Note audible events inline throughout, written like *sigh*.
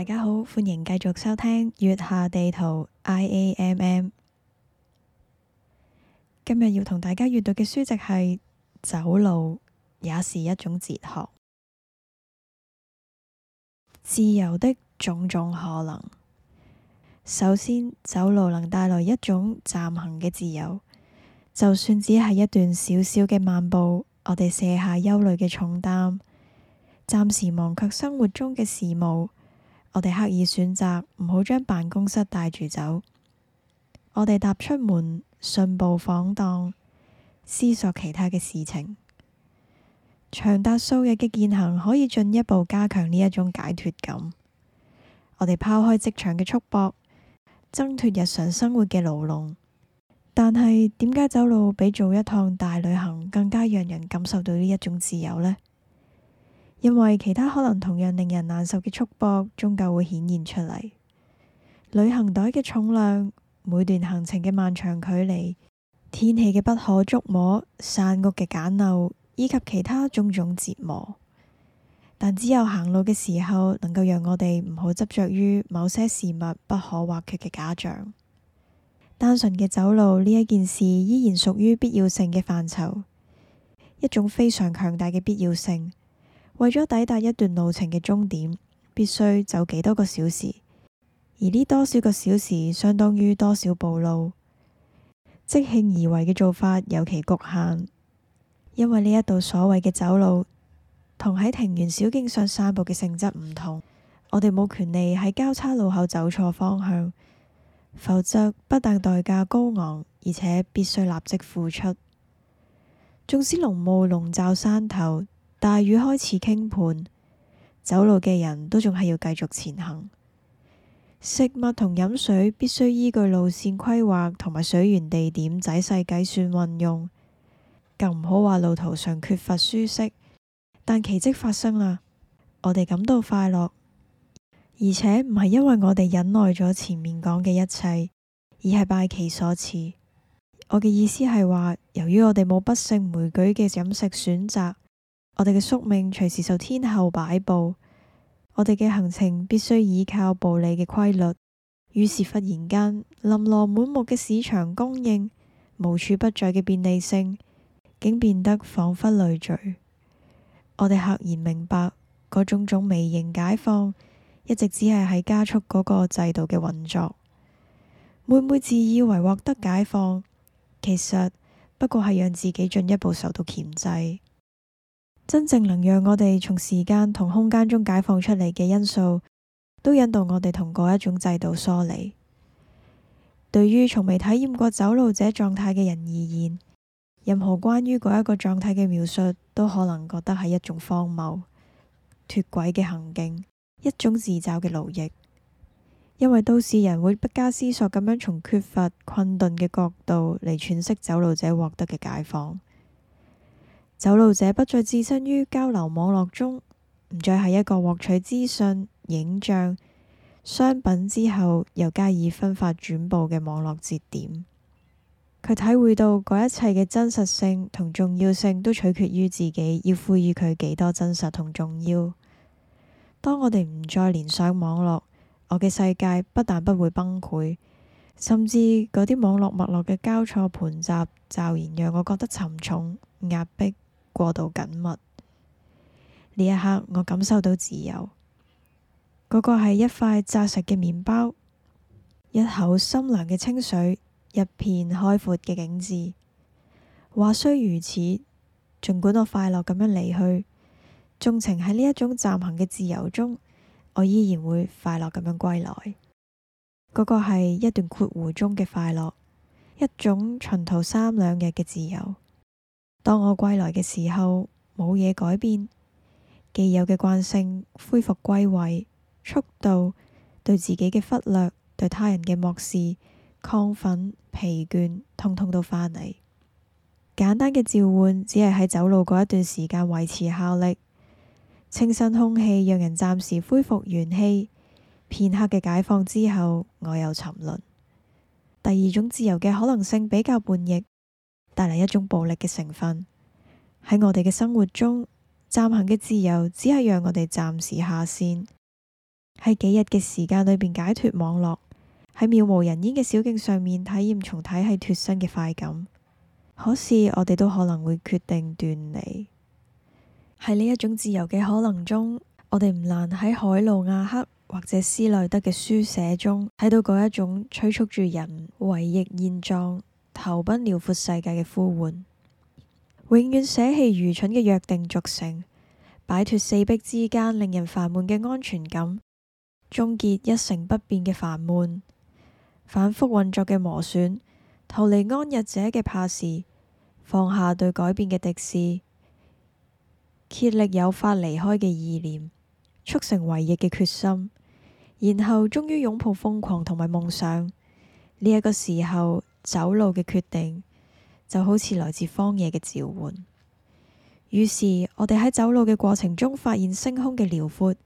大家好，歡迎繼續收聽月下地圖 iamm。今日要同大家閱讀嘅書籍係《走路也是一種哲學》，自由的種種可能。首先，走路能帶來一種暫行嘅自由，就算只係一段小小嘅漫步，我哋卸下憂慮嘅重擔，暫時忘卻生活中嘅事務。我哋刻意選擇唔好將辦公室帶住走，我哋踏出門，信步晃蕩，思索其他嘅事情。長達數日嘅健行可以進一步加強呢一種解脫感。我哋拋開職場嘅束縛，掙脫日常生活嘅牢籠。但係點解走路比做一趟大旅行更加讓人感受到呢一種自由呢？因為其他可能同樣令人難受嘅束縛，終究會顯現出嚟。旅行袋嘅重量，每段行程嘅漫長距離，天氣嘅不可捉摸，散屋嘅簡陋，以及其他種種折磨。但只有行路嘅時候，能夠讓我哋唔好執着於某些事物不可或缺嘅假象。單純嘅走路呢一件事，依然屬於必要性嘅範疇，一種非常強大嘅必要性。為咗抵達一段路程嘅終點，必須走幾多個小時，而呢多少個小時相當於多少步路，即興而為嘅做法有其局限。因為呢一度所謂嘅走路，同喺庭園小徑上散步嘅性質唔同，我哋冇權利喺交叉路口走錯方向，否則不但代價高昂，而且必須立即付出。縱使濃霧籠罩山頭，大雨開始傾盆，走路嘅人都仲係要繼續前行。食物同飲水必須依據路線規劃同埋水源地點仔細計算運用，更唔好話路途上缺乏舒適。但奇蹟發生啦，我哋感到快樂，而且唔係因為我哋忍耐咗前面講嘅一切，而係拜其所賜。我嘅意思係話，由於我哋冇不勝枚舉嘅飲食選擇。我哋嘅宿命隨時受天候擺布，我哋嘅行程必須依靠步履嘅規律。於是忽然間，琳琅滿目嘅市場供應、無處不在嘅便利性，竟變得恍惚累贅。我哋赫然明白，嗰種種微型解放，一直只係喺加速嗰個制度嘅運作。每每自以為獲得解放，其實不過係讓自己進一步受到鉗制。真正能讓我哋從時間同空間中解放出嚟嘅因素，都引導我哋同嗰一種制度疏離。對於從未體驗過走路者狀態嘅人而言，任何關於嗰一個狀態嘅描述，都可能覺得係一種荒謬、脱軌嘅行徑，一種自找嘅勞役。因為都市人會不加思索咁樣從缺乏困頓嘅角度嚟詮釋走路者獲得嘅解放。走路者不再置身於交流網絡中，唔再係一個獲取資訊、影像、商品之後又加以分發轉播嘅網絡節點。佢體會到嗰一切嘅真實性同重要性都取決於自己要賦予佢幾多真實同重要。當我哋唔再連上網絡，我嘅世界不但不會崩潰，甚至嗰啲網絡脈絡嘅交錯盤雜驟然讓我覺得沉重、壓迫。過度緊密。呢一刻，我感受到自由。嗰、那個係一塊扎實嘅麵包，一口心涼嘅清水，一片開闊嘅景致。話雖如此，盡管我快樂咁樣離去，縱情喺呢一種暫行嘅自由中，我依然會快樂咁樣歸來。嗰、那個係一段括弧中嘅快樂，一種循途三兩日嘅自由。當我歸來嘅時候，冇嘢改變，既有嘅慣性恢復歸位，速度對自己嘅忽略，對他人嘅漠視，亢奮、疲倦，通通都返嚟。簡單嘅召喚只係喺走路嗰一段時間維持效力，清新空氣讓人暫時恢復元氣，片刻嘅解放之後我又沉淪。第二種自由嘅可能性比較叛逆。帶嚟一種暴力嘅成分，喺我哋嘅生活中，暫行嘅自由只係讓我哋暫時下線，喺幾日嘅時間裏邊解脱網絡，喺渺無人煙嘅小徑上面體驗從體系脱身嘅快感。可是我哋都可能會決定斷離，喺呢一種自由嘅可能中，我哋唔難喺海路亞克或者斯內德嘅書寫中睇到嗰一種催促住人違逆現狀投奔遼闊世界嘅呼喚，永遠捨棄愚蠢嘅約定俗成，擺脫四壁之間令人煩悶嘅安全感，終結一成不變嘅煩悶，反覆運作嘅磨損，逃離安逸者嘅怕事，放下對改變嘅敵視，竭力誘發離開嘅意念，促成偉業嘅決心，然後終於擁抱瘋狂同埋夢想呢一個時候。走路嘅決定就好似來自荒野嘅召喚，於是我哋喺走路嘅過程中發現星空嘅遼闊、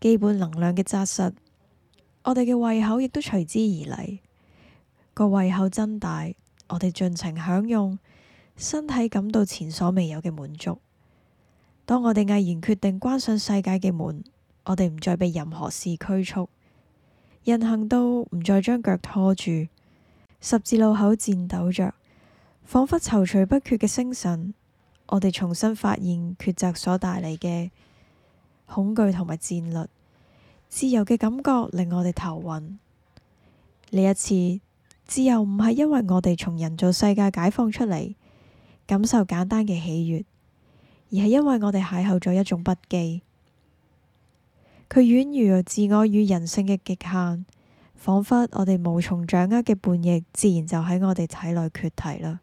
基本能量嘅扎實，我哋嘅胃口亦都隨之而嚟，個胃口增大，我哋盡情享用，身體感到前所未有嘅滿足。當我哋毅然決定關上世界嘅門，我哋唔再被任何事拘束，人行道唔再將腳拖住。十字路口顫抖着，仿佛躊躇不決嘅精神。我哋重新發現抉擇所帶嚟嘅恐懼同埋戰慄，自由嘅感覺令我哋頭暈。呢一次，自由唔係因為我哋從人造世界解放出嚟，感受簡單嘅喜悅，而係因為我哋邂逅咗一種不羈。佢宛如自我與人性嘅極限。仿佛我哋無從掌握嘅叛逆，自然就喺我哋體內缺堤啦。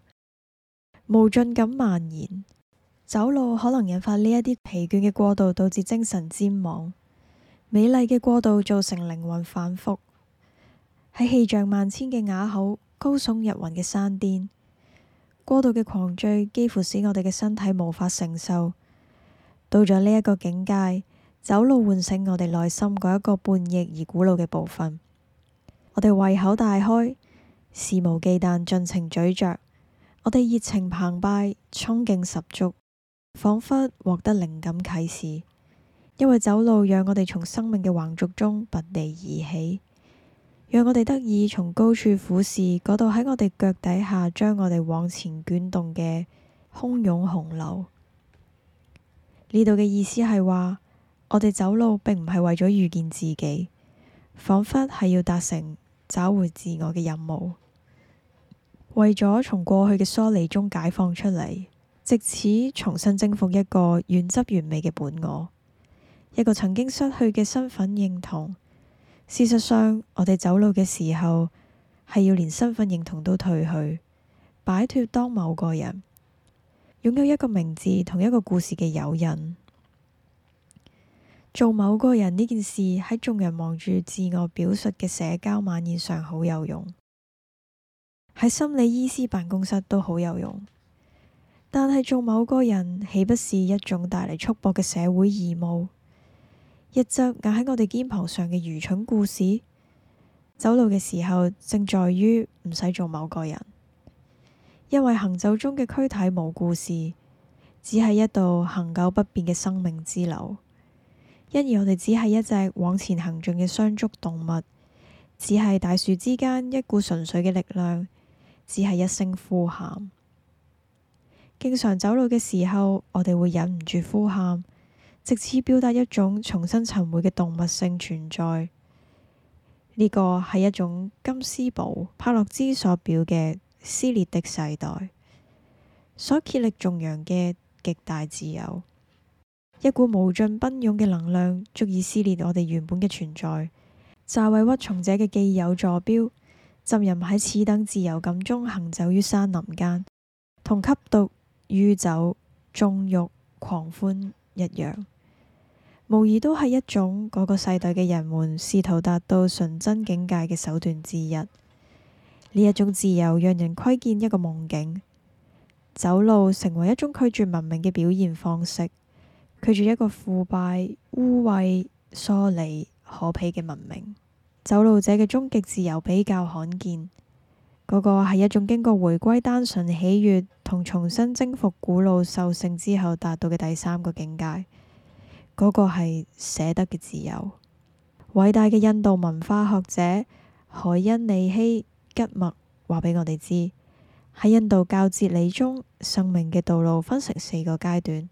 無盡感蔓延，走路可能引發呢一啲疲倦嘅過度，導致精神譫妄；美麗嘅過度造成靈魂反覆。喺氣象萬千嘅埡口，高聳入雲嘅山巔，過度嘅狂醉幾乎使我哋嘅身體無法承受。到咗呢一個境界，走路喚醒我哋內心嗰一個叛逆而古老嘅部分。我哋胃口大開，肆無忌憚，盡情咀嚼。我哋熱情澎湃，衝勁十足，仿佛獲得靈感啟示。因為走路讓我哋從生命嘅橫軸中拔地而起，讓我哋得以從高處俯視嗰度喺我哋腳底下將我哋往前捲動嘅洶湧洪流。呢度嘅意思係話，我哋走路並唔係為咗遇見自己。仿佛係要達成找回自我嘅任務，為咗從過去嘅疏離中解放出嚟，藉此重新征服一個原汁原味嘅本我，一個曾經失去嘅身份認同。事實上，我哋走路嘅時候係要連身份認同都褪去，擺脫當某個人，擁有一個名字同一個故事嘅友人。做某個人呢件事喺眾人望住自我表述嘅社交晚宴上好有用，喺心理醫師辦公室都好有用。但係做某個人豈不是一種帶嚟束縛嘅社會義務？一則壓喺我哋肩膀上嘅愚蠢故事。走路嘅時候正在於唔使做某個人，因為行走中嘅軀體無故事，只係一道恒久不變嘅生命之流。因而我哋只係一隻往前行進嘅雙足動物，只係大樹之間一股純粹嘅力量，只係一聲呼喊。經常走路嘅時候，我哋會忍唔住呼喊，直至表達一種重新尋回嘅動物性存在。呢、這個係一種金斯堡、帕洛茲所表嘅撕裂的世代，所竭力頌揚嘅極大自由。一股無盡奔湧嘅能量，足以撕裂我哋原本嘅存在。炸毀屈從者嘅既有坐標，浸淫喺此等自由感中行走於山林間，同吸毒、酗酒、縱慾、狂歡一樣，無疑都係一種嗰個世代嘅人們試圖達到純真境界嘅手段之一。呢一種自由讓人窺見一個夢境，走路成為一種拒絕文明嘅表現方式。拒絕一個腐敗、污穢、疏離、可鄙嘅文明。走路者嘅終極自由比較罕見。嗰、那個係一種經過回歸單純喜悅同重新征服古老獸性之後達到嘅第三個境界。嗰、那個係捨得嘅自由。偉大嘅印度文化學者海因里希吉默話俾我哋知，喺印度教哲理中，生命嘅道路分成四個階段。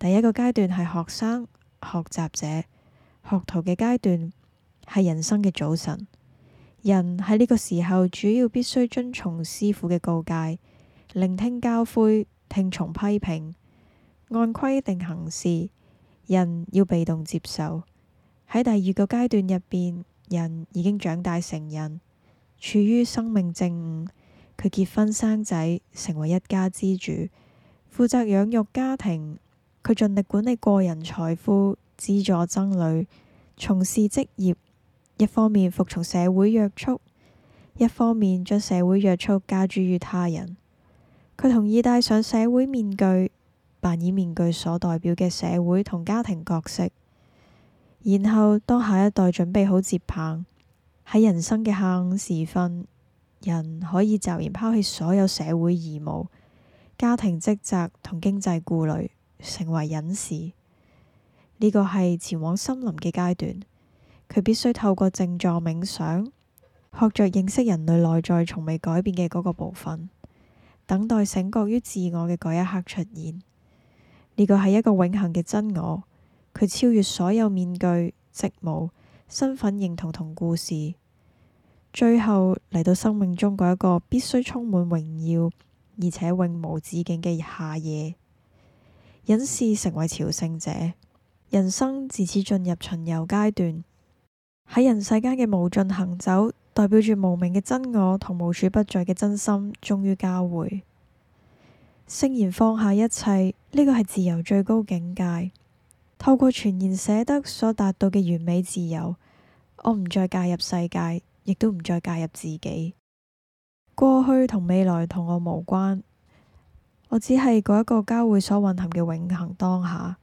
第一個階段係學生、學習者、學徒嘅階段，係人生嘅早晨。人喺呢個時候主要必須遵從師傅嘅告誡，聆聽教誨，聽從批評，按規定行事。人要被動接受。喺第二個階段入邊，人已經長大成人，處於生命正午。佢結婚生仔，成為一家之主，負責養育家庭。佢盡力管理個人財富，資助曾女，從事職業。一方面服從社會約束，一方面將社會約束加諸於他人。佢同意戴上社會面具，扮演面具所代表嘅社會同家庭角色。然後，當下一代準備好接棒，喺人生嘅下午時分，人可以驟然拋棄所有社會義務、家庭職責同經濟顧慮。成為隱士，呢、這個係前往森林嘅階段。佢必須透過靜坐冥想，學着認識人類內在從未改變嘅嗰個部分，等待醒覺於自我嘅嗰一刻出現。呢、這個係一個永恒嘅真我，佢超越所有面具、職務、身份認同同故事。最後嚟到生命中嗰一個必須充滿榮耀而且永無止境嘅夏夜。隱士成為朝聖者，人生自此進入巡遊階段。喺人世間嘅無盡行走，代表住無名嘅真我同無處不在嘅真心終於交匯。聖言放下一切，呢、這個係自由最高境界。透過全然捨得所達到嘅完美自由，我唔再介入世界，亦都唔再介入自己。過去同未來同我無關。我只係嗰一個交會所蘊含嘅永恆當下，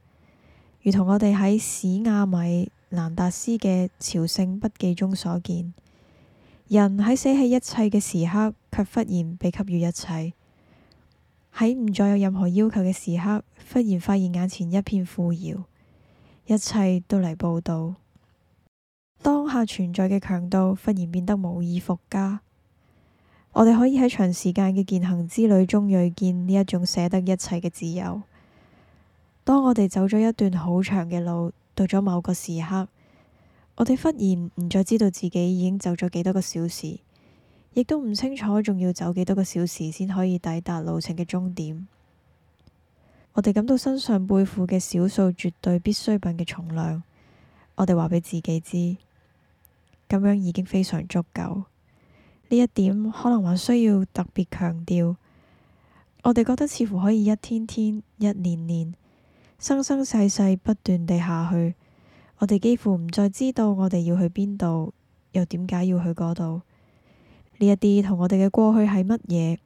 如同我哋喺史亞米蘭達斯嘅朝聖筆記中所見，人喺捨棄一切嘅時刻，卻忽然被給予一切；喺唔再有任何要求嘅時刻，忽然發現眼前一片富饒，一切都嚟報道。當下存在嘅強度，忽然變得無以復加。我哋可以喺長時間嘅健行之旅中，銳見呢一種捨得一切嘅自由。當我哋走咗一段好長嘅路，到咗某個時刻，我哋忽然唔再知道自己已經走咗幾多個小時，亦都唔清楚仲要走幾多個小時先可以抵達路程嘅終點。我哋感到身上背負嘅少數絕對必需品嘅重量，我哋話俾自己知，咁樣已經非常足夠。呢一點可能還需要特別強調。我哋覺得似乎可以一天天、一年年、生生世世不斷地下去。我哋幾乎唔再知道我哋要去邊度，又點解要去嗰度？呢一啲同我哋嘅過去係乜嘢？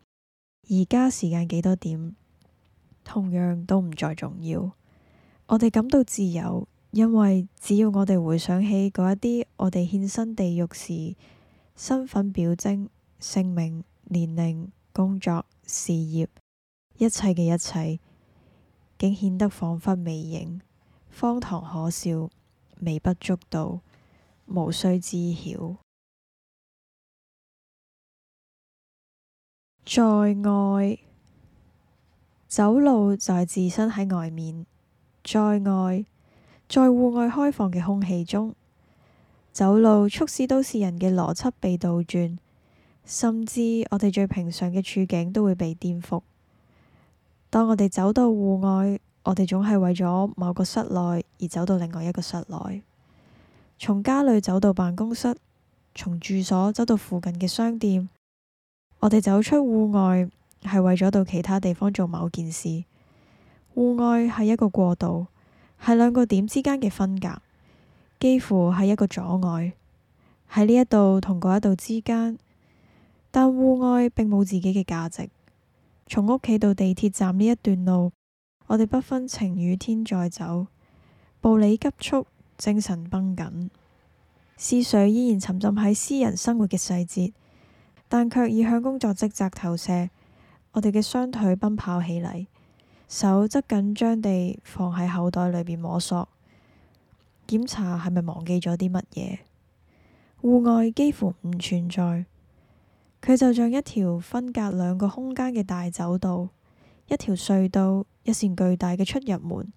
而家時間幾多點，同樣都唔再重要。我哋感到自由，因為只要我哋回想起嗰一啲我哋獻身地獄時。身份表徵、姓名、年齡、工作、事業，一切嘅一切，竟顯得恍惚未影，荒唐可笑，微不足道，無須知曉。 *noise* 在外走路就係置身喺外面，在外，在戶外開放嘅空氣中。走路促使都市人嘅邏輯被倒轉，甚至我哋最平常嘅處境都會被顛覆。當我哋走到戶外，我哋總係為咗某個室內而走到另外一個室內。從家裏走到辦公室，從住所走到附近嘅商店，我哋走出戶外係為咗到其他地方做某件事。戶外係一個過渡，係兩個點之間嘅分隔。幾乎係一個阻礙，喺呢一度同嗰一度之間，但戶外並冇自己嘅價值。從屋企到地鐵站呢一段路，我哋不分晴雨天再走，步履急速，精神繃緊，思緒依然沉浸喺私人生活嘅細節，但卻已向工作職責投射。我哋嘅雙腿奔跑起嚟，手則緊張地放喺口袋裏邊摸索。檢查係咪忘記咗啲乜嘢？戶外幾乎唔存在，佢就像一條分隔兩個空間嘅大走道，一條隧道，一扇巨大嘅出入門。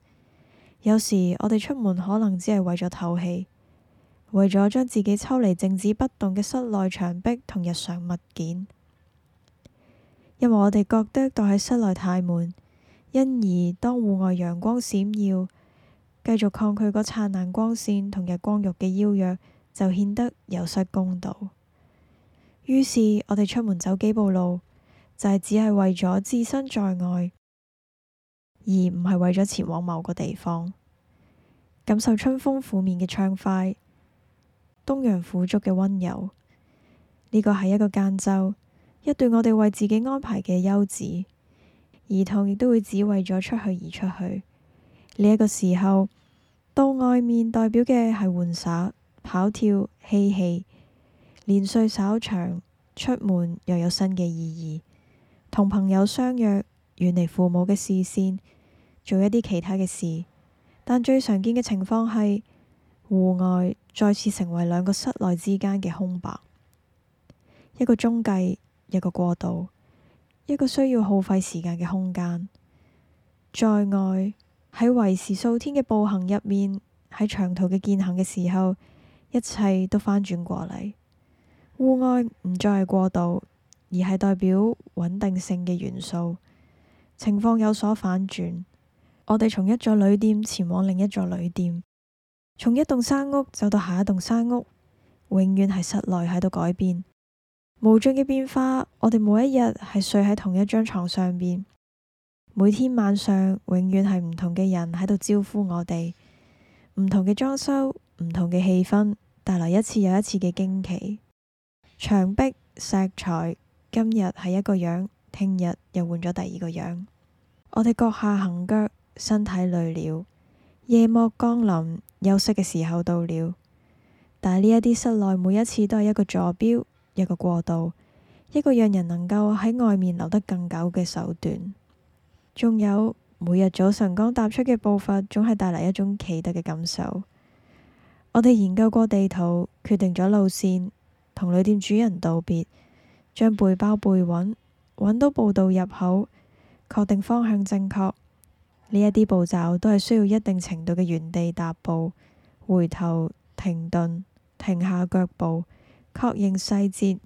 有時我哋出門可能只係為咗透氣，為咗將自己抽離靜止不動嘅室內牆壁同日常物件，因為我哋覺得待喺室內太悶，因而當戶外陽光閃耀。繼續抗拒嗰燦爛光線同日光浴嘅邀約，就顯得有失公道。於是，我哋出門走幾步路，就係、是、只係為咗置身在外，而唔係為咗前往某個地方，感受春風拂面嘅暢快，冬陽撫足嘅溫柔。呢個係一個間奏，一段我哋為自己安排嘅休止。兒童亦都會只為咗出去而出去。呢一個時候到外面代表嘅係玩耍、跑跳、嬉戲，年歲稍長，出門又有新嘅意義，同朋友相約，遠離父母嘅視線，做一啲其他嘅事。但最常見嘅情況係戶外再次成為兩個室內之間嘅空白，一個中繼，一個過渡，一個需要耗費時間嘅空間，在外。喺為時數天嘅步行入面，喺長途嘅健行嘅時候，一切都翻轉過嚟。戶外唔再係過渡，而係代表穩定性嘅元素。情況有所反轉，我哋從一座旅店前往另一座旅店，從一棟山屋走到下一棟山屋，永遠係室內喺度改變，無盡嘅變化。我哋每一日係睡喺同一張床上邊。每天晚上永遠係唔同嘅人喺度招呼我哋，唔同嘅裝修，唔同嘅氣氛，帶來一次又一次嘅驚奇。牆壁石材今日係一個樣，聽日又換咗第二個樣。我哋各下行腳，身體累了，夜幕降臨，休息嘅時候到了。但係呢一啲室內每一次都係一個坐標，一個過渡，一個讓人能夠喺外面留得更久嘅手段。仲有每日早晨剛踏出嘅步伐，總係帶嚟一種奇特嘅感受。我哋研究過地圖，決定咗路線，同旅店主人道別，將背包背穩，揾到步道入口，確定方向正確。呢一啲步驟都係需要一定程度嘅原地踏步、回頭停頓、停下腳步，確認細節，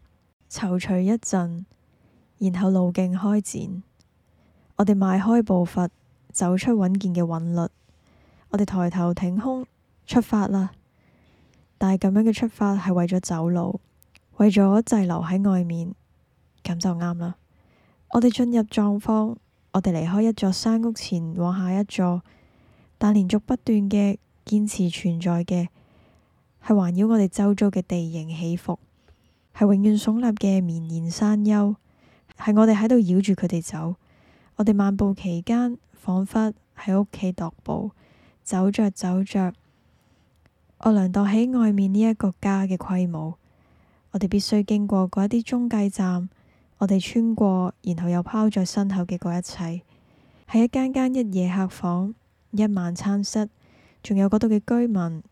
躊躇一陣，然後路徑開展。我哋邁開步伐，走出穩健嘅韻律。我哋抬頭挺胸出發啦。但係咁樣嘅出發係為咗走路，為咗滯留喺外面，咁就啱啦。我哋進入狀況，我哋離開一座山谷，前往下一座。但連續不斷嘅堅持存在嘅係環繞我哋周遭嘅地形起伏，係永遠聳立嘅綿延山丘，係我哋喺度繞住佢哋走。我哋漫步期間，仿佛喺屋企踱步，走着走着，我量到喺外面呢一個家嘅規模。我哋必須經過嗰一啲中介站，我哋穿過，然後又拋在身後嘅嗰一切，喺一間間一夜客房、一晚餐室，仲有嗰度嘅居民、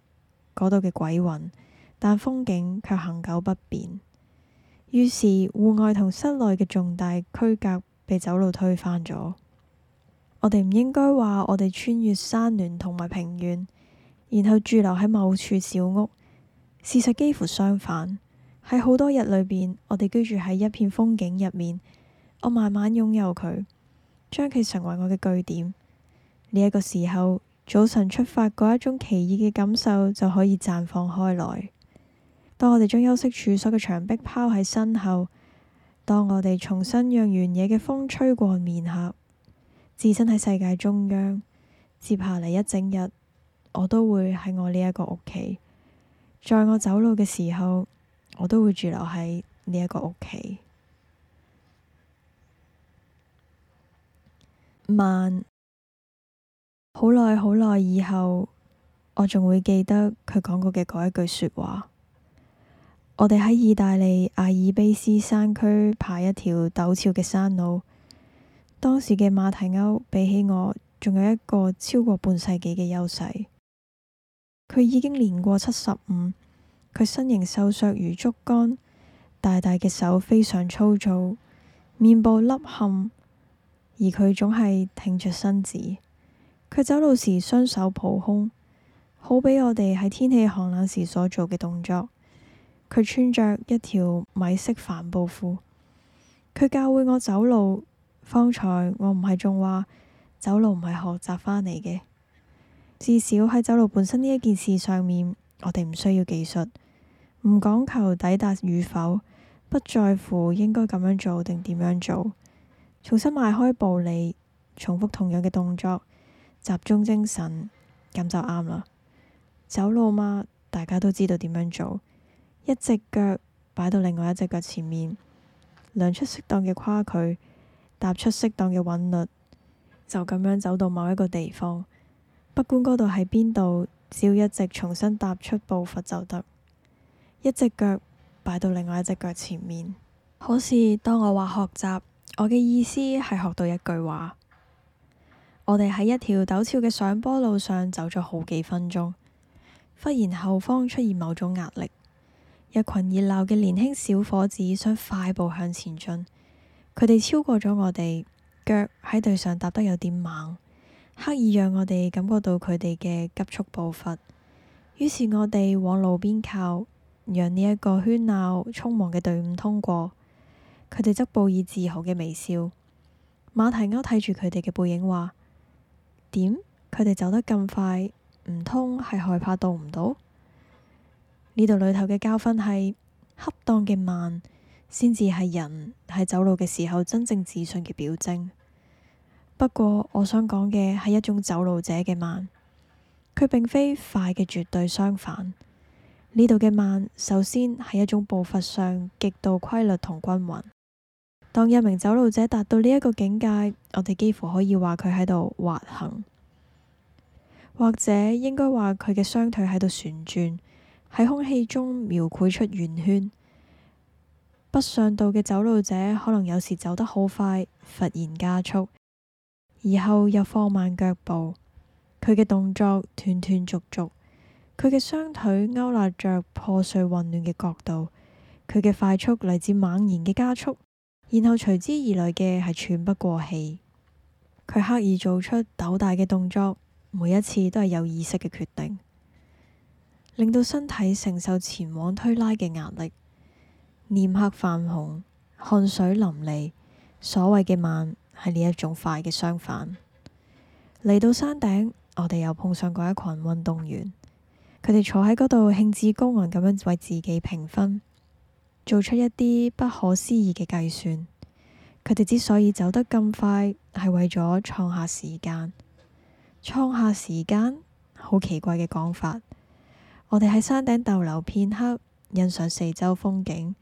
嗰度嘅鬼魂，但風景卻恒久不變。於是戶外同室內嘅重大區隔，被走路推翻咗。我哋唔應該話我哋穿越山巒同埋平原，然後駐留喺某處小屋。事實幾乎相反。喺好多日裏邊，我哋居住喺一片風景入面，我慢慢擁有佢，將佢成為我嘅據點。呢一個時候，早晨出發嗰一種奇異嘅感受就可以綻放開來。當我哋將休息處所嘅牆壁拋喺身後。當我哋重新讓原野嘅風吹過面頰，置身喺世界中央，接下嚟一整日，我都會喺我呢一個屋企。在我走路嘅時候，我都會住留喺呢一個屋企。慢，好耐好耐以後，我仲會記得佢講過嘅嗰一句說話。我哋喺意大利阿爾卑斯山區爬一條陡峭嘅山路。當時嘅馬提歐比起我，仲有一個超過半世紀嘅優勢。佢已經年過七十五，佢身形瘦削如竹竿，大大嘅手非常粗糙，面部凹陷，而佢總係挺着身子。佢走路時雙手抱胸，好比我哋喺天氣寒冷時所做嘅動作。佢穿着一條米色帆布褲。佢教會我走路。方才我唔係仲話走路唔係學習翻嚟嘅。至少喺走路本身呢一件事上面，我哋唔需要技術，唔講求抵達與否，不在乎應該咁樣做定點樣做。重新邁開步履，重複同樣嘅動作，集中精神，咁就啱啦。走路嘛，大家都知道點樣做。一隻腳擺到另外一隻腳前面，量出適當嘅跨距，踏出適當嘅韻律，就咁樣走到某一個地方。不管嗰度喺邊度，只要一直重新踏出步伐就得。一隻腳擺到另外一隻腳前面。可是當我話學習，我嘅意思係學到一句話。我哋喺一條陡峭嘅上坡路上走咗好幾分鐘，忽然後方出現某種壓力。一群熱鬧嘅年輕小伙子想快步向前進，佢哋超過咗我哋，腳喺地上踏得有點猛，刻意讓我哋感覺到佢哋嘅急速步伐。於是我哋往路邊靠，讓呢一個喧鬧匆忙嘅隊伍通過。佢哋則報以自豪嘅微笑。馬提歐睇住佢哋嘅背影，話：點？佢哋走得咁快，唔通係害怕到唔到？呢度裏頭嘅教訓係恰當嘅慢，先至係人喺走路嘅時候真正自信嘅表徵。不過，我想講嘅係一種走路者嘅慢，佢並非快嘅絕對相反。呢度嘅慢，首先係一種步伐上極度規律同均勻。當一名走路者達到呢一個境界，我哋幾乎可以話佢喺度滑行，或者應該話佢嘅雙腿喺度旋轉。喺空氣中描繪出圓圈。北上道嘅走路者可能有時走得好快，忽然加速，而後又放慢腳步。佢嘅動作斷斷續續，佢嘅雙腿勾勒着破碎混亂嘅角度。佢嘅快速嚟自猛然嘅加速，然後隨之而來嘅係喘不過氣。佢刻意做出鬥大嘅動作，每一次都係有意識嘅決定。令到身體承受前往推拉嘅壓力，臉頰泛紅，汗水淋漓。所謂嘅慢係呢一種快嘅相反。嚟到山頂，我哋又碰上過一群運動員，佢哋坐喺嗰度，興致高昂咁樣為自己評分，做出一啲不可思議嘅計算。佢哋之所以走得咁快，係為咗創下時間。創下時間，好奇怪嘅講法。我哋喺山頂逗留片刻，欣賞四周風景。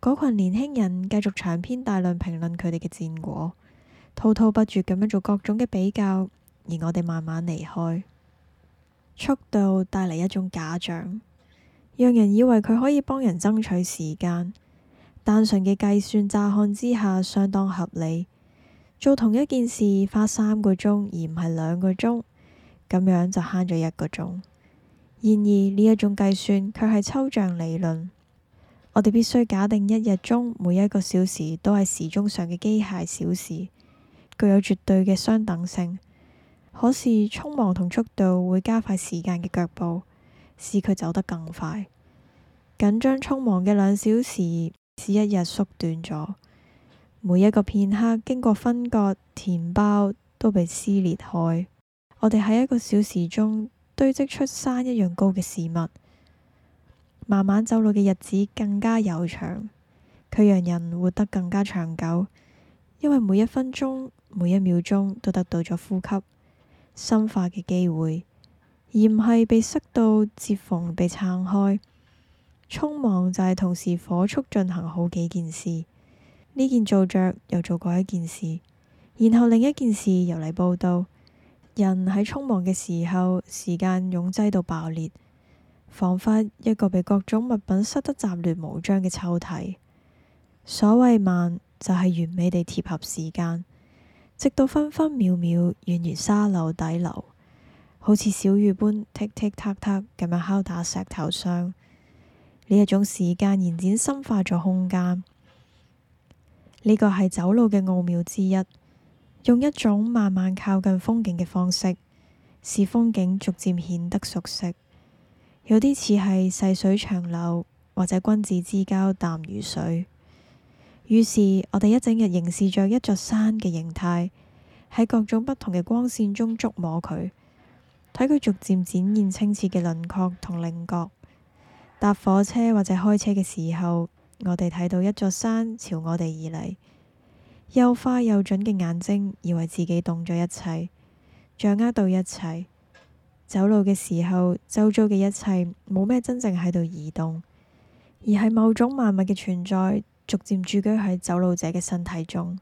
嗰群年輕人繼續長篇大論評論佢哋嘅戰果，滔滔不絕咁樣做各種嘅比較，而我哋慢慢離開。速度帶嚟一種假象，讓人以為佢可以幫人爭取時間。單純嘅計算乍看之下相當合理，做同一件事花三個鐘而唔係兩個鐘，咁樣就慳咗一個鐘。然而呢一種計算卻係抽象理論，我哋必須假定，一日中每一個小時都係時鐘上嘅機械小時，具有絕對嘅相等性。可是匆忙同速度會加快時間嘅腳步，使佢走得更快。緊張匆忙嘅兩小時使一日縮短咗，每一個片刻經過分割填包都被撕裂開。我哋喺一個小時中，堆積出山一樣高嘅事物，慢慢走路嘅日子更加悠長，佢讓人活得更加長久，因為每一分鐘、每一秒鐘都得到咗呼吸深化嘅機會，而唔係被塞到、接縫被撐開。匆忙就係同時火速進行好幾件事，呢件做着又做過一件事，然後另一件事又嚟報道。人喺匆忙嘅時候，時間擁擠到爆裂，彷彿一個被各種物品塞得雜亂無章嘅抽屜。所謂慢，就係完美地貼合時間，直到分分秒秒緩緩如沙漏底流，好似小雨般踢踢踏踏咁樣敲打石頭上。呢一種時間延展深化咗空間，呢、這個係走路嘅奧妙之一。用一種慢慢靠近風景嘅方式，使風景逐漸顯得熟悉，有啲似係細水長流，或者君子之交淡如水。於是，我哋一整日凝視着一座山嘅形態，喺各種不同嘅光線中觸摸佢，睇佢逐漸展現清澈嘅輪廓同稜角。搭火車或者開車嘅時候，我哋睇到一座山朝我哋而嚟。又快又準嘅眼睛，以為自己懂咗一切，掌握到一切。走路嘅時候，周遭嘅一切冇咩真正喺度移動，而係某種萬物嘅存在，逐漸駐居喺走路者嘅身體中。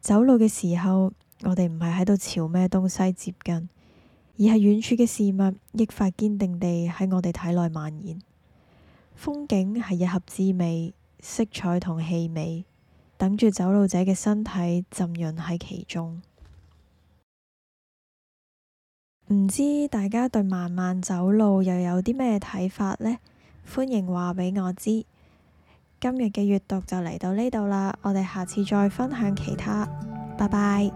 走路嘅時候，我哋唔係喺度朝咩東西接近，而係遠處嘅事物，益發堅定地喺我哋體內蔓延。風景係一盒滋味，色彩同氣味，等住走路者嘅身體浸潤喺其中，唔知大家對慢慢走路又有啲咩睇法呢？歡迎話畀我知。今日嘅閱讀就嚟到呢度啦，我哋下次再分享其他，拜拜。